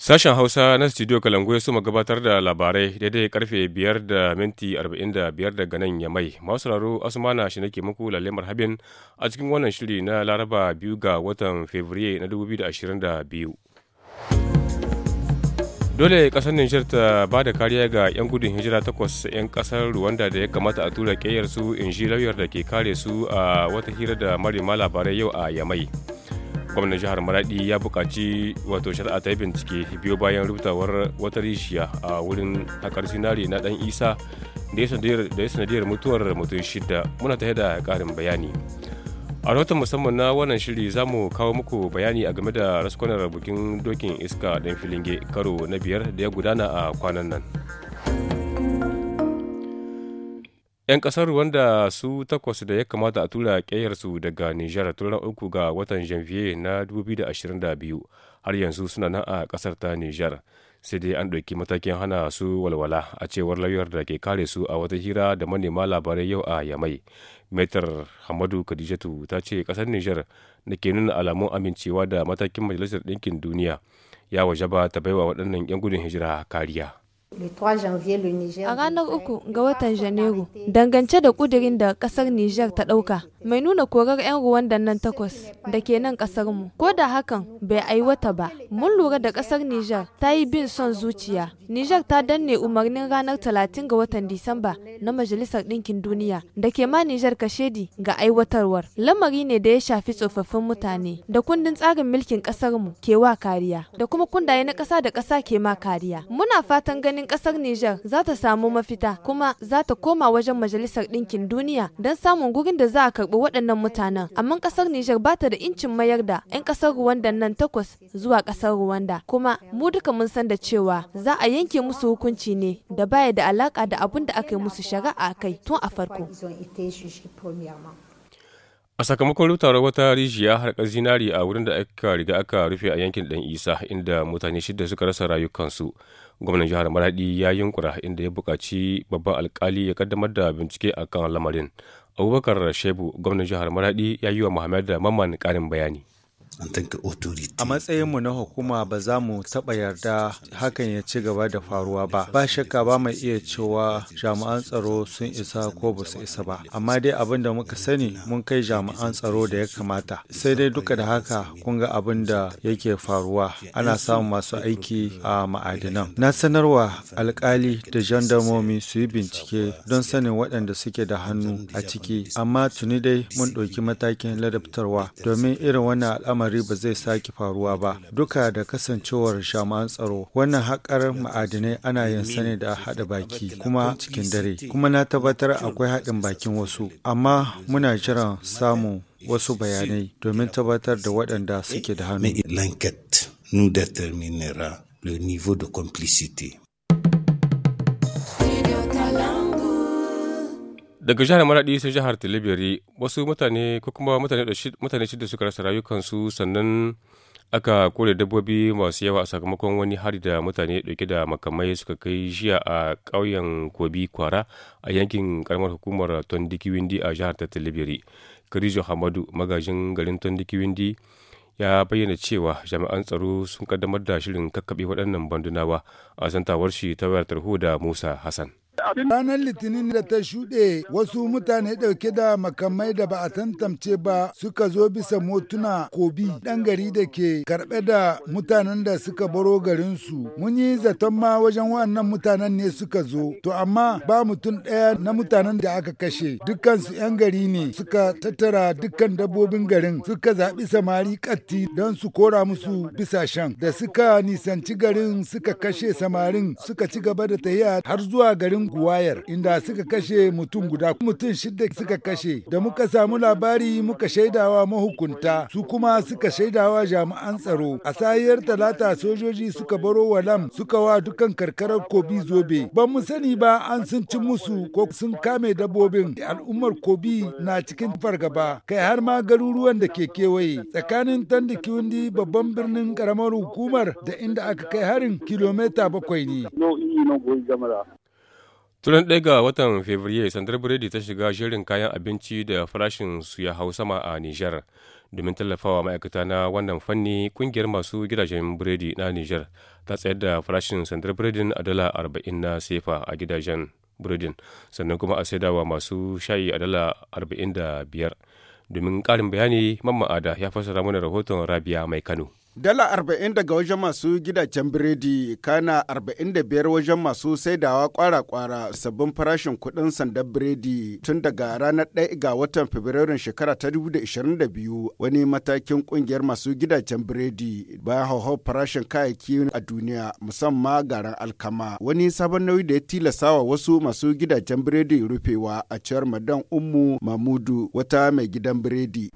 Sashen Hausa na Studio Kalangu ya suma gabatar da labarai daidai karfe 5 da minti 45 daga nan ya mai. Masu raro Asmana shi nake muku lalle marhabin a cikin wannan shiri na Laraba biyu ga watan Fabrairu na 2022. Dole kasar Nijar ta ba da kariya ga 'yan gudun hijira takwas 'yan kasar Rwanda da ya kamata a tura su in ji lauyar da ke kare su a wata hira da marima labarai yau a Yamai. gwamnan jihar maradi ya bukaci wato shari'a ta bincike biyo bayan rubutawar wata rishiya a wurin hakar sinari na dan isa da ya sanadiyar mutuwar mutum shida muna tare da karin bayani a rahoton musamman na wannan shiri za mu kawo muku bayani a game da raskunar bukin dokin iska dan filinge karo na biyar da ya gudana a kwanan nan. 'Yan ƙasar wanda su takwas da ya kamata a tura ƙeyarsu daga Nijar tun uku ga watan Janvier na 2022 har yanzu suna nan a ƙasar ta Nijar. Sai dai an ɗauki matakin hana su walwala a cewar lauyar da ke kare su a wata hira da manema labarai yau a Yamai. Metar Hamadu Khadijatu ta ce ƙasar Nijar da ke nuna alamun amincewa da matakin Majalisar Ɗinkin Duniya ya wajaba ta baiwa waɗannan 'yan gudun hijira kariya. A ranar uku ga watan Janairu, dangance da kudirin da kasar Nijar ta ɗauka, mai nuna korar 'yan da nan takwas da ke nan mu Ko da hakan bai aiwata ba, mun lura da ƙasar Nijar ta yi bin son zuciya. Nijar ta danne umarnin ranar 30 ga watan Disamba na Majalisar Ɗinkin Duniya da ke ma Nijar kashedi ga aiwatarwar. Lamari ne da ya shafi tsofaffin mutane da kundin tsarin mulkin kasarmu ke wa kariya da kuma kundaye na ƙasa da ƙasa ke ma kariya. Muna fatan ganin halin ƙasar Nijar za ta samu mafita kuma za ta koma wajen Majalisar Ɗinkin Duniya don samun gurin da za a karɓi waɗannan mutanen. Amma kasar Nijar ba ta da incin mayar da 'yan kasar Ruwanda nan takwas zuwa kasar Ruwanda. Kuma mu duka mun san da cewa za a yanke musu hukunci ne da baya da alaƙa da abin da aka yi musu shari'a kai tun a farko. A sakamakon rutar wata rijiya harkar zinari a wurin da aka riga aka rufe a yankin Dan Isa inda mutane shida suka rasa rayukansu. gwamnan jihar maradi ya yunkura inda ya buƙaci babban alkali ya kaddamar da bincike a kan lamarin abubakar shebu gwamnan jihar maradi ya yi wa muhammad mamman ƙarin bayani A matsayinmu na hukuma ba za mu taɓa yarda hakan ya ci gaba da faruwa ba. Ba shakka ba mai iya cewa jami'an tsaro sun isa ko ba su isa ba. Amma dai abin da muka sani mun kai jami'an tsaro da ya kamata. Sai dai duka da haka kun ga abin da yake faruwa. Ana samun masu aiki a ma'adinan. Na sanarwa alkali da jandarmomi su yi bincike don sanin waɗanda suke da hannu a ciki. Amma tuni dai mun ɗauki matakin ladabtarwa domin irin wannan al'amari al'amari ba zai sake faruwa ba duka da kasancewar jami'an tsaro wannan haƙar ma'adinai ana yin ne da haɗa baki kuma cikin dare kuma na tabbatar akwai haɗin bakin wasu amma muna jiran samun wasu bayanai domin tabbatar da waɗanda suke da hannu. le niveau de complicité. daga jihar maradi sai jihar tilibiri wasu mutane ko kuma mutane shida suka rasa rayukansu sannan aka kore dabbobi masu yawa a sakamakon wani hari da mutane dauke da makamai suka kai jiya a ƙauyen kobi kwara a yankin karamar hukumar tondikiwindi a jihar ta tilibiri kirijo hamadu magajin garin tondikiwindi ya bayyana cewa jami'an tsaro sun kaddamar da shirin kakkaɓe waɗannan bandunawa a santawar shi ta wayar tarho da musa hassan Ranar Litinin da ta shuɗe wasu mutane ɗauke da makamai da ba a tantance ba suka zo bisa motuna kobi ɗan gari da ke karɓe da mutanen da suka baro garinsu. Mun yi zaton ma wajen wannan mutanen ne suka zo, to amma ba mutum ɗaya na mutanen da aka kashe. Dukkansu 'yan gari ne suka tattara dukkan dabbobin garin suka zaɓi samari katti don su kora musu bisashen da suka nisanci garin suka kashe samarin suka ci gaba da tahiya har zuwa garin guwayar inda suka kashe mutum guda mutum shida suka kashe da muka samu labari muka shaidawa mahukunta su kuma suka shaidawa jami'an tsaro a sayar talata sojoji suka baro walam suka wa dukan karkarar kobi zobe ban mu sani ba an sun ci musu ko sun kame dabbobin al'ummar kobi na cikin fargaba kai har ma garuruwan da ke kewaye tsakanin tandikiwindi babban birnin karamar hukumar da inda aka kai harin kilomita bakwai ne. Turan ɗaya ga watan Fabrairu sandar biredi ta shiga shirin kayan abinci da farashin su ya hau sama a Nijar. Domin tallafawa ma'aikata na wannan fanni kungiyar masu gidajen biredi na Nijar ta tsayar da farashin sandar biredin a dala arba'in na sefa a gidajen biredin sannan kuma a saidawa masu shayi a dala arba'in da biyar. Domin ƙarin bayani mammaada ada ya fassara mana rahoton Rabia Mai Kano. Dala arba'in daga wajen masu gidajen biredi, kana arba'in da biyar wajen masu saidawa kwara-kwara sabbin farashin kuɗin sandan biredi tun daga ranar ɗaya ga watan Fabrairun shekara ta biyu wani matakin ƙungiyar masu gidajen biredi bayan hauhau farashin kayayyaki a duniya musamman garin alkama. Wani sabon nauyi da ya wa wasu masu gidajen biredi rufewa a cewar madan Ummu Mamudu wata mai gidan biredi.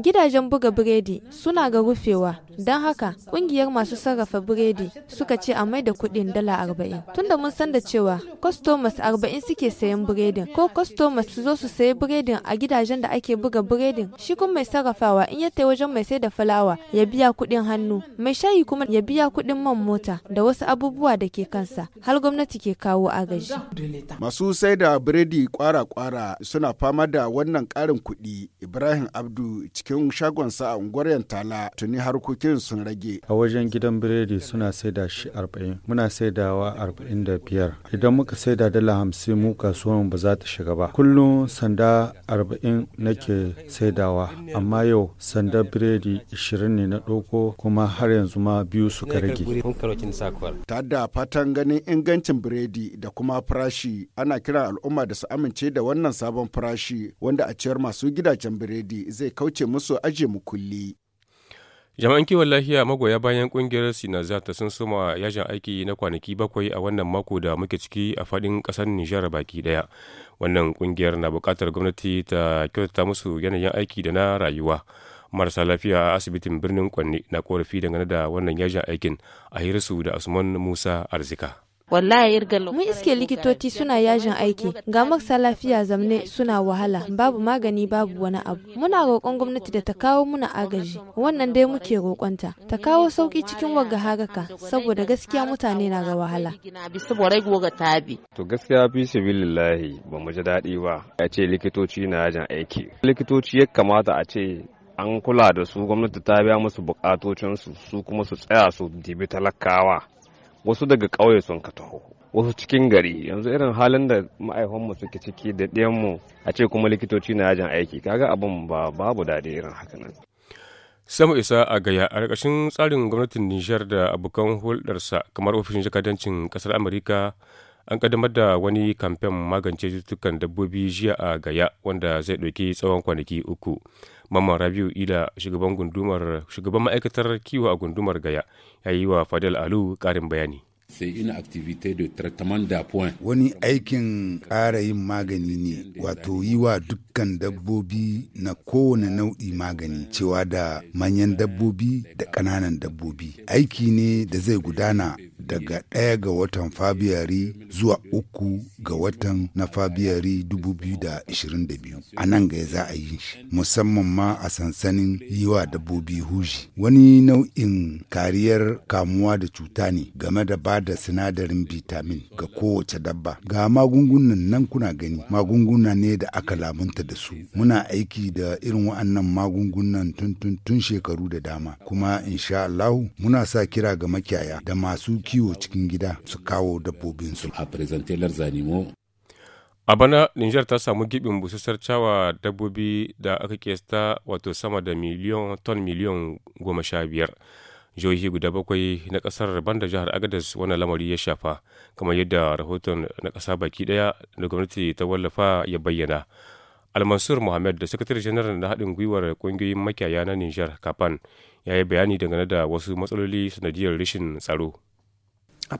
Gidajen buga biredi suna ga rufewa yawa. Don haka, ƙungiyar masu sarrafa biredi suka ce a mai da kuɗin dala arba'in. Tunda mun san da cewa kwastomas arba'in suke sayan biredin ko kwastomas su zo su sayi biredin a gidajen da ake buga biredin shi kuma mai sarrafawa in ya ta wajen mai sai da fulawa ya biya kuɗin hannu mai shayi kuma ya biya kuɗin man mota da wasu abubuwa da ke kansa har gwamnati ke kawo agaji. Masu sai da biredi kwara-kwara suna fama da wannan karin kuɗi Ibrahim Abdu cikin shagonsa a unguwar Yantala tuni harkokin sun rage. A wajen gidan biredi suna saida shi 40, muna saidawa 45. Idan muka saida dala hamsin mu kasuwan ba za ta shiga ba. Kullum sanda 40 nake saidawa, amma yau sanda biredi 20 ne na ɗauko kuma har yanzu ma biyu suka rage. Ta da fatan ganin ingancin biredi da kuma farashi ana kiran al'umma da su amince da wannan sabon farashi wanda a ciyar masu gidajen biredi zai kauce musu aje kulli jama'an kiwon lafiya magoya bayan kungiyar sinazata sun suma yajin aiki na kwanaki bakwai a wannan mako da muke ciki a fadin kasar nijar baki daya wannan kungiyar na bukatar gwamnati ta kyautata musu yanayin aiki da na rayuwa marasa lafiya a asibitin birnin kwanne na korafi dangane da wannan yajin aikin a hirsu da usman musa arzika wallahi irgal mun iske likitoci suna yajin aiki ga marasa lafiya zamne suna wahala babu magani babu wani abu muna roƙon gwamnati da ta kawo muna agaji wannan dai muke roƙonta ta kawo sauki cikin wagga haraka saboda gaskiya mutane na ga wahala to gaskiya fi sabilillahi ba mu ji daɗi ba a ce likitoci na yajin aiki likitoci ya kamata a ce an kula da su gwamnati ta biya musu bukatocinsu su kuma su tsaya su dibi talakawa wasu daga ƙauye sun ka taho wasu cikin gari yanzu irin halin da ma'aikanmu suke ciki da ɗiyanmu a ce kuma likitoci na yajin aiki kaga abin ba babu daɗi irin haka nan samu isa a gaya a ƙarƙashin tsarin gwamnatin nijar da abokan hulɗarsa kamar ofishin jakadancin ƙasar amurka an kaddamar da wani kamfen magance cututtukan dabbobi jiya a gaya wanda zai ɗauki tsawon kwanaki uku mamman rabiu ila shugaban ma'aikatar kiwo a gundumar gaya ya yi wa fadel alu ƙarin bayani Wani aikin ƙara yin magani ne, wato yi wa dukkan dabbobi na kowane nau'i magani, cewa da manyan dabbobi da ƙananan dabbobi. Aiki ne da zai gudana daga ɗaya ga watan Fabiyari zuwa uku ga watan na Fabiyari 2022. A nan ga za a yi shi, musamman ma a sansanin yi wa dabbobi huji. Wani nau'in kariyar kamuwa da cuta ne game da ba da sinadarin vitamin ga kowace dabba ga magungunan nan kuna gani magunguna ne da aka lamunta da su muna aiki da irin wa'annan magungunan tun tun shekaru da dama kuma insha Allah muna sa kira ga makiyaya da masu kiwo cikin gida su kawo dabbobinsu a bana nijar ta samu gibin busassar cawa dabbobi da aka kesta wato sama da miliyon ton miliyon goma sha biyar jihohi guda bakwai na kasar banda jihar agadas wannan lamari ya shafa kamar yadda rahoton na kasa baki daya da gwamnati ta wallafa ya bayyana almansur mohamed da sakatare janar na haɗin gwiwar ƙungiyoyin makiyaya na nijar kafan ya yi bayani dangane da wasu matsaloli sanadiyar rashin tsaro a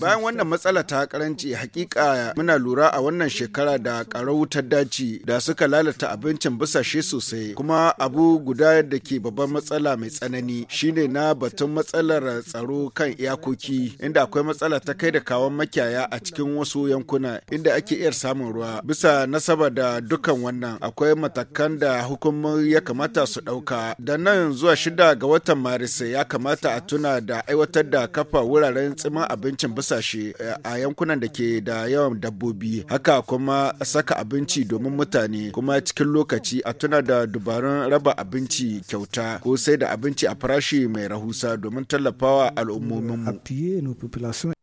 Bayan wannan matsala ta karanci hakika muna lura a wannan shekara da karar wutar daci da suka lalata abincin busashe sosai kuma abu guda da ke babban matsala mai tsanani shine na batun matsalar tsaro kan iyakoki inda akwai matsala ta kai da kawon makiyaya a cikin wasu yankuna inda ake iya samun ruwa bisa nasaba da dukkan wannan akwai matakan da hukumar ya kamata su ɗauka da nan zuwa shida ga watan maris ya kamata a tuna da aiwatar da kafa wuraren tsima noman abincin bisashe eh, a yankunan da ke da yawan dabbobi haka kuma saka abinci domin mutane kuma cikin lokaci a tuna da dubarun raba abinci kyauta ko sai da abinci a farashi mai rahusa domin tallafawa al'ummominmu.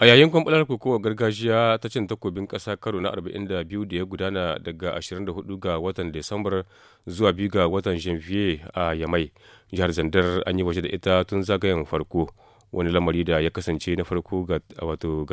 A yayin kwamɓalar kokowa gargajiya ta cin takobin ƙasa karo na 42 da ya gudana daga 24 ga watan Desambar zuwa 2 ga watan Janvier a Yamai, jihar Zandar an yi waje da ita tun zagayen farko. Wani lamari da ya kasance na farko ga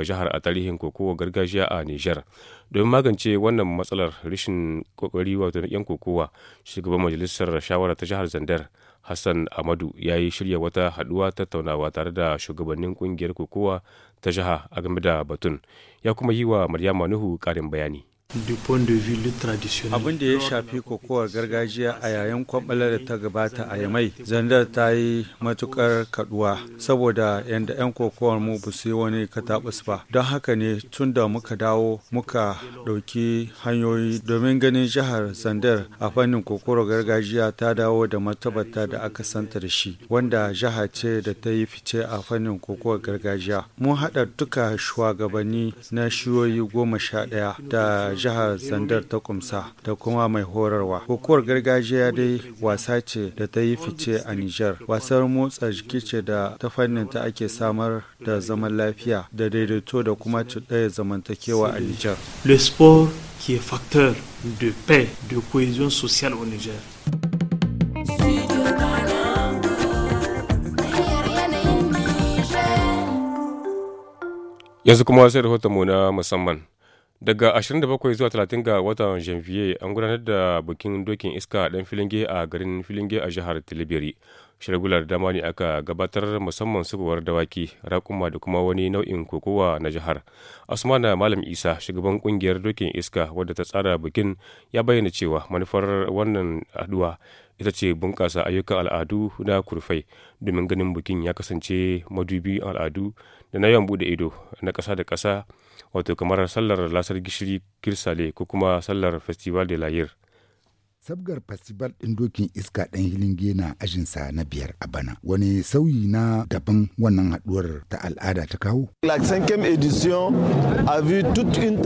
jihar a tarihin kokowa gargajiya a Nijar. Domin magance wannan matsalar rashin kokari wato 'yan kokowa, shugaban majalisar shawara ta jihar Zandar Hassan Amadu ya yi shirya wata haɗuwa tattaunawa tare da shugabannin ƙungiyar kokowa ta jiha a game da batun, ya kuma yi wa Maryama Nuhu ƙarin bayani. abin da ya shafi kokowar gargajiya a yayin kwamɓalar da ta gabata a yamai zandar ta yi matukar kaduwa saboda yadda 'yan kokowar mu ba su yi wani katabus ba don haka ne tun da muka dawo muka ɗauki hanyoyi domin ganin jihar zandar a fannin kokowar gargajiya ta dawo da matabata da aka santa da shi wanda jiha ce da ta yi fice a fannin kokowar gargajiya mun haɗa duka shugabanni na shiyoyi goma sha ɗaya da jihar Zandar ta kumsa da kuma mai horarwa. Hukuwar gargajiya dai wasa ce da ta yi fice a Nijar. Wasar motsa jiki ce da ta fannin ta ake samar da zaman lafiya da daidaito da kuma cuɗaya zamantakewa a Nijar. Le sport qui est facteur de paix, de cohésion sociale au Niger. yanzu kuma sai rahoton mu na musamman Daga 27 zuwa 30 ga watan Janvier an gudanar da bikin dokin iska dan filinge a garin filinge a jihar Tilibiri. shirgular da dama ne aka gabatar musamman sabuwar dawaki raƙuma da kuma wani nau'in kokowa na jihar asmana malam isa shugaban kungiyar dokin iska wadda ta tsara bikin ya bayyana cewa manufar wannan haduwa ita ce bunƙasa ayyukan al'adu na kurfai domin ganin bikin ya kasance madubi al'adu da na yawan buɗe ido na ƙasa da ƙasa wato kamar sallar lasar gishiri kirsale ko kuma sallar festival de la sabgar festival ɗin dokin iska ɗan hilinge na ajinsa na biyar a bana wani sauyi na daban wannan haɗuwar ta al'ada ta kawo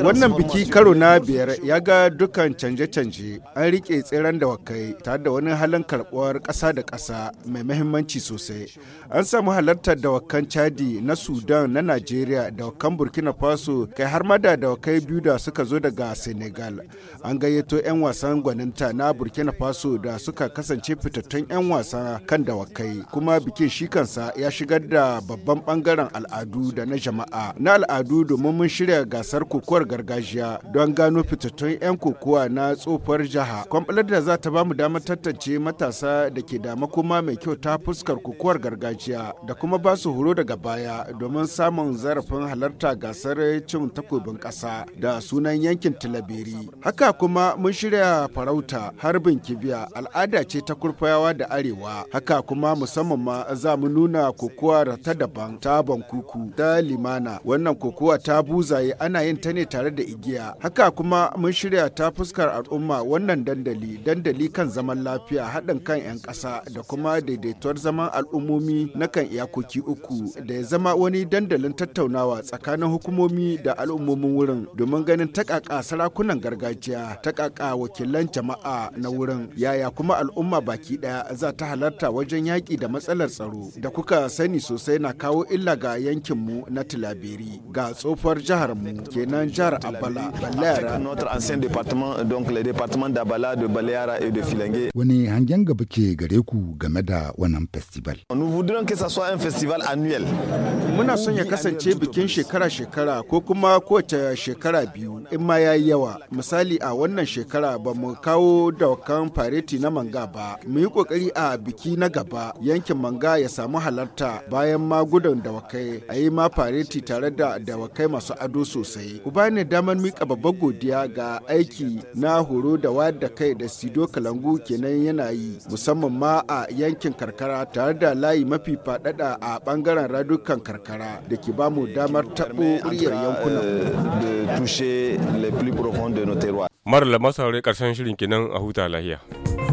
wannan biki karo na biyar ya ga dukkan canje-canje an riƙe tseren da wakai tare da wani halin karɓuwar ƙasa da ƙasa mai mahimmanci sosai an samu halartar dawakan chadi na sudan na najeriya dawakan burkina faso kai har mada da dawakai biyu da suka zo daga senegal an gayyato 'yan wasan gwaninta na burkina faso da suka kasance fitattun 'yan wasa kan dawakai kuma bikin shi kansa ya shigar da babban bangaren al'adu da na jama'a na al'adu domin mun shirya gasar kokowar gargajiya don gano fitattun 'yan kokowa na tsofar jiha kwamfalar da za ta ba mu damar tantance matasa da ke da makoma mai kyau ta fuskar kokowar gargajiya da kuma ba su horo daga baya domin samun zarafin halarta gasar cin takobin ƙasa da sunan yankin tilabiri haka kuma mun shirya farauta harbin kibiya al'ada ce ta kurfayawa da arewa haka kuma musamman ma za mu nuna kokowa ta daban ta bankuku ta limana wannan kokowa ta buzaye ana yin ta ne tare da igiya haka kuma mun shirya ta fuskar al'umma wannan dandali dandali kan zaman lafiya haɗin kan 'yan ƙasa da kuma daidaituwar zaman al'ummomi na kan iyakoki uku da ya zama wani dandalin tattaunawa tsakanin hukumomi da al'ummomin wurin domin ganin takaka sarakunan gargajiya Taƙaƙa wakilan jama'a na wurin yaya kuma al'umma baki daya za ta halarta wajen yaƙi da matsalar tsaro da kuka sani sosai na kawo illa ga yankinmu na tilaberi ga tsofar jihar mu kenan jihar abala balayara wani hangen gaba ke gare ku game da wannan festival muna son ya kasance bikin shekara-shekara ko kuma kowace shekara biyu in ma ya yi yawa misali a wannan shekara ba mu kawo da daukan fareti na manga ba mu yi kokari a biki na gaba yankin manga ya samu halarta bayan ma gudun dawakai a yi ma fareti tare da dawakai masu ado sosai ku bani damar mika babbar godiya ga aiki na horo da da kai da sido kalangu kenan yana yi musamman ma a yankin karkara tare da layi mafi faɗaɗa a ɓangaren radukan karkara da ke bamu damar taɓo muryar yankunan. Mara lamasa ƙarshen shirin kenan a huta lahiya.